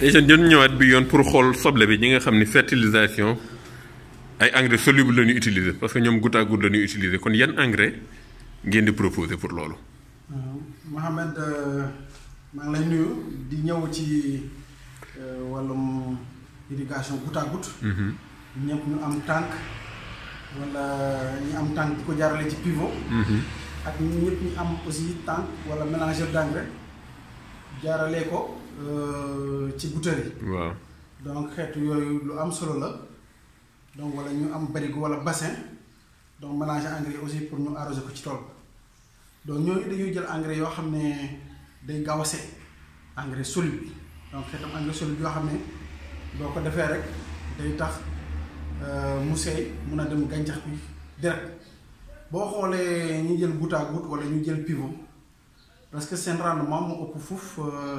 Etienne jën ñëwaat bi yoon pour xool soble bi ñi nga xam ni fertilisation ay engrais soluble la ñuy utiliser parce que ñoom goutte à goutte la kon yan engrais ngeen di proposer pour loolu. Euh, Mohamed euh, maa ngi lay nuyu di ñëw ci euh, wàllum irrigation goutte à goutte. Mm-hmm. ñu am tànk wala ñu am tànk di ko jaarale ci pivot. Mm-hmm. ak ñëpp ñu am aussi tànk wala mélangeur d' jaaralee ko. Eh, ci bouteille waaw donc xeetu yooyu lu am solo la donc wala ñu am barigo wala bassin donc mélanger engrais aussi pour ñu arroser ko ci tool donc ñooñu dañuy jël engrais yoo xam ne day gaaw a set engrais solide bi donc xeetam engrais solide yoo xam ne boo ko defee rek day tax euh, mu seey mun a dem gàncax bi direct boo xoolee ñu jël goutte à goutte wala ñu jël pivot parce que seen rendement ëpp fuuf euh,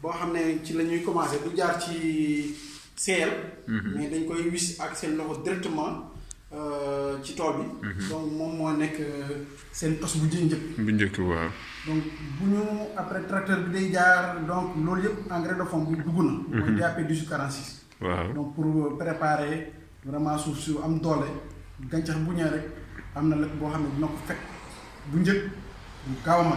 boo xam ne ci la ñuy commencé du jaar ci seel mhm. mais dañ koy wis ak seen loxo directement euh, ci tool bi. Mhm. donc moom moo nekk euh, seen tos bu njëkk. bu njëkk waaw. donc bu ñu après tracteur bi day jaar donc loolu yëpp engrais de fond bi dugg na. Mhm. mooy DAP 18 46. waaw donc pour euh, préparer vraiment suuf su am doole gàncax bu ñëwee rek am na lépp boo xam ne dina ko fekk bu njëkk bu gaaw a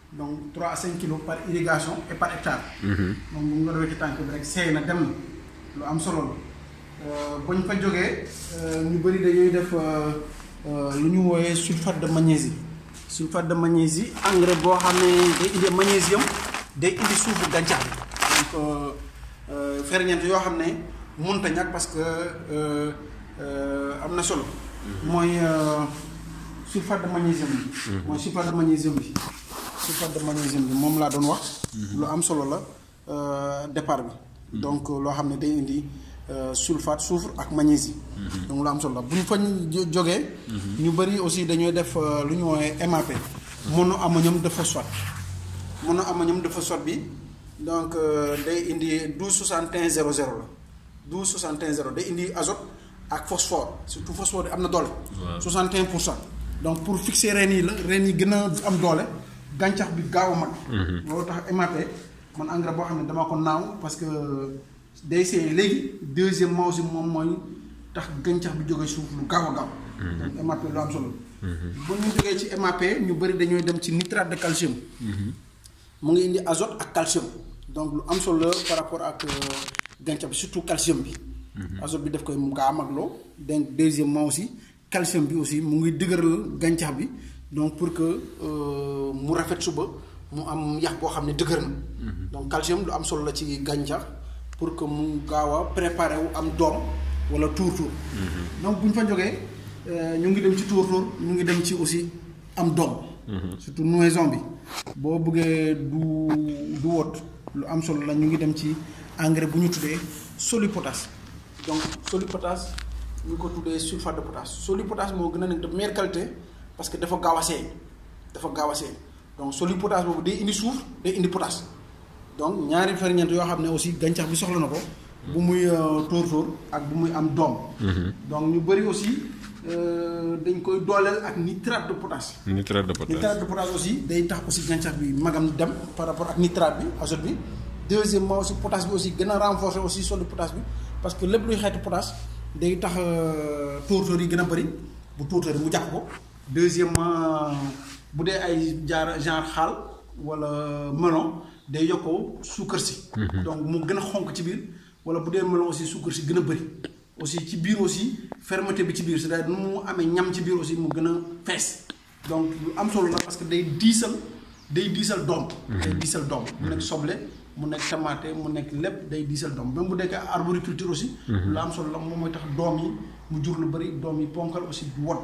donc 3 à 5 kilos par irrigation et par hectare. moom bu nga doon tànk bi rek seey na dem na lu am solo la euh, bu ñu fa jógee euh, ñu bëri dañuy def euh, lu ñu wooyee sulfate de magnésie sulfate de magnésie engrais boo xam ne day indi magnésium day indi suufu gàncax bi donc ferñeent yoo xam ne mënut a ñàkk parce que am na solo. Mhm. Mhm. mooy sulfate de magnésium bi. mooy sulfate de magnésium bi. sulfate de magnésium bi moom laa doon wax. Mhm. lu am solo la euh, départ bi. Mhm. donc euh, lo xamné day indi euh, sulfate soufre ak magnésie. Mhm. donc lu am solo la bu ñu fa jógee. ñu bari aussi dañoy def lu ñu woowee MAP. mono ammonium de phosphate. mono ammonium de phosphate bi donc day indi douze soixante et un zéro zéro la douze soixante et un zéro day indi azote ak phosphore surtout phosphore amna am 61% soixante et un pour cent donc pour fixer reen yi la reen am doole. gàncax bi gaaw a mag. Mhm. loolu tax MAP man engrais boo xam ne dama ko naaw parce que day seey léegi deuxièmement aussi moom mooy tax gàncax bi jóge suuf lu gaaw a gaaw. MAP mhm. lu am solo. Mhm. bu ñu jógee ci MAP ñu bëri dañooy dem ci nitrate de calcium. mu ngi indi azote ak calcium donc lu am solo par rapport ak euh, gàncax bi surtout calcium bi. azote bi def koy mu gaa mag loo donc deuxièmement aussi calcium bi aussi mu ngi dëgëral gàncax bi. donc pour que euh, mu rafet suba mu am yax boo xam ne dëgër na. Mhm. donc calcium lu am solo la ci ganja pour que mu gaaw a préparer wu am doom wala tour tour. Mhm. donc buñ ñu fa jógee euh, ñu ngi dem ci tour tour, ñu ngi dem ci aussi am doom. Mhm. surtout noison bi. boo bëggee du du wot lu am solo la ñu ngi dem ci engrais bu ñu tuddee donc solupotasse ñu ko tuddee sulfate de potasse solupotasse moo gën a nekk de meilleure qualité. parce que dafa gaaw a seey dafa gaaw ini seey donc solu potasse boobu day indi suuf day indi potasse donc ñaari ferñeent yoo xam aussi gàncax bi soxla na ko bu muy euh, tóor tóor ak bu muy am doom mhm. donc ñu bëri aussi euh, dañ koy dooleel ak nitrate de potasse nitrate de potasse nitrate de potasse aussi day tax aussi gàncax bi magam dem par rapport ak nitrate bi azote bi deuxièmement aussi potasse bi aussi gën renforcer aussi sol potasse bi parce que lépp luy xeetu potasse day tax euh, tóor tóor yi bu mu ko deuxièmement bu ay jaar genre xaal wala melon day yoko suukar mhm. donc mo gëna a xonk ci biir wala bu melon aussi suukar si bëri. aussi ci biir aussi fermeté bi ci biir c'est-à-dire nu mu ñam ci biir aussi mo gëna fess donc am solo la parce que day diesel, day diesel dom, mhm. day diesel dom. mu nek soblé mu nek tamaate mu nek lépp day diisal doom même bu ka arboriculture aussi. Mhm. lu am solo la moom mooy tax doom yi mu jur lu bëri doom yi ponkal aussi du wot.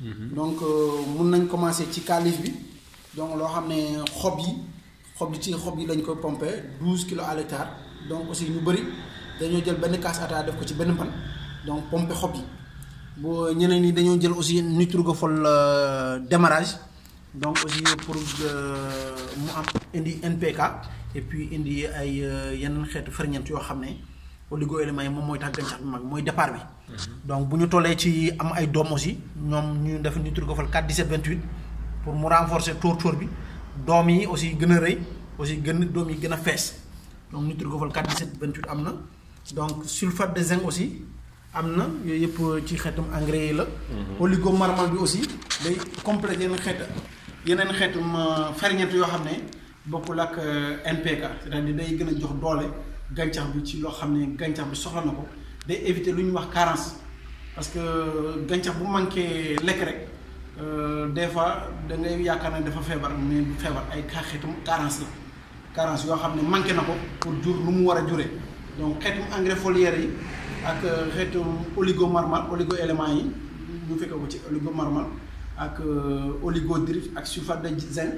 Mhm. donc euh, mun nañ commencé ci calif bi donc loo xam ne xob yi xob yi ci xob yi lañ koy pompé 12 kilos à l'hectare donc aussi ñu bëri dañoo jël benn kaas ataaya def ko ci benn pan donc pompé xob yi boo ñeneen ñi dañoo jël aussi nitrogofol euh, démarrage donc aussi pour euh, mu am indi NPK et puis indi ay yeneen xeetu ferñent yoo xam ne oligo-éléments yi moom mooy mag départ bi. donc buñu tollé ci am ay doom aussi ñom ñu def Nutricofol 4 17 28 pour mu renforcer tóor tour bi dom yi aussi gëna reuy aussi gëna dom yi gën a donc Nutricofol 4 17 28 amna donc sulfate de zinc aussi. amna na ci xétum engrais yi la. oligo mhm. marmal bi aussi day compléter yeneen xét yeneen xétum ferñeent yo xamné bokul ak euh, NPK c'est-à-dire day gëna a jox doole gàncax bi ci loo xam ne gàncax soxla na day éviter luñ wax carence parce que gàncax bu manqué lekk rek euh, des fois da ngay yakarna dafa fièvre mais du feebar ay xeetum carence carence yo xam manké nako pour jour lu mu wara juré donc xeetum engrais foliaire yi ak euh, xeetum oligo marmal oligo élément yi bu fekkee ko ci oligo marmal ak euh, oligo drift ak sulfate de zinc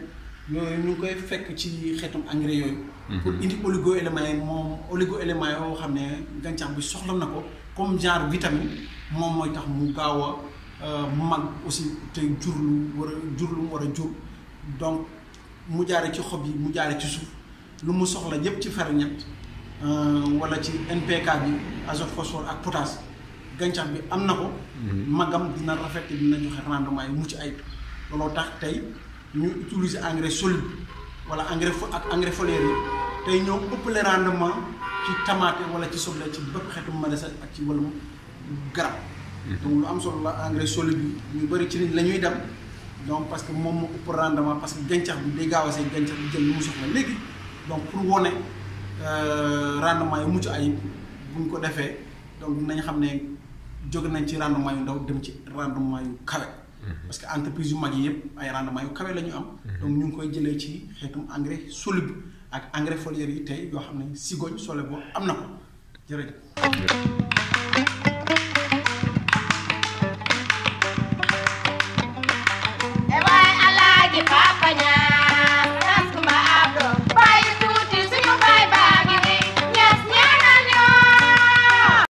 yooyu ñu ngi koy fekk ci xeetum engrais yooyu. Mhm. pour indi oligo éléments yi moom oligo éléments yoo xam ne gàncax bi soxla na ko comme genre vitamine moom mooy tax mu gaaw a euh, mag aussi te jur lu war a jur lu mu war a jur donc mu jaare ci xob yi mu jaare ci suuf lu mu soxla yépp ci ferñeent euh, wala ci NPK bi azote phosphore ak potasse gàncax bi am na ko. Mhm. magam dina rafet dina joxe rendement yi mucc ayib looloo tax tey. ñu utiliser engrais solide wala engrais fo ak engrais foliaire tey ñoo ëppale rendement ci tamaate wala ci sol ci bépp xeetu maraîchage ak ci wàllum garab. donc lu am solo la engrais solide bi ñu bëri ci nit la ñuy dem donc parce que moom moo ëpp rendement parce que gàncax bi day gaaw a see gàncax bi jël lu mu soxla léegi donc pour wone euh, rendement yu mucc ayib buñ ko defee donc nañ xam ne jóge nañ ci rendement yu ndaw dem ci rendement yu kawe. parce que entreprise yu mag yi yëpp ay rendement yu kawe la ñu am. donc ñu ngi koy jëlee ci xeetum engrais soluble ak engrais foliaire yi tey yoo xam ne sigoñ sole boo am na ko jërëjëf.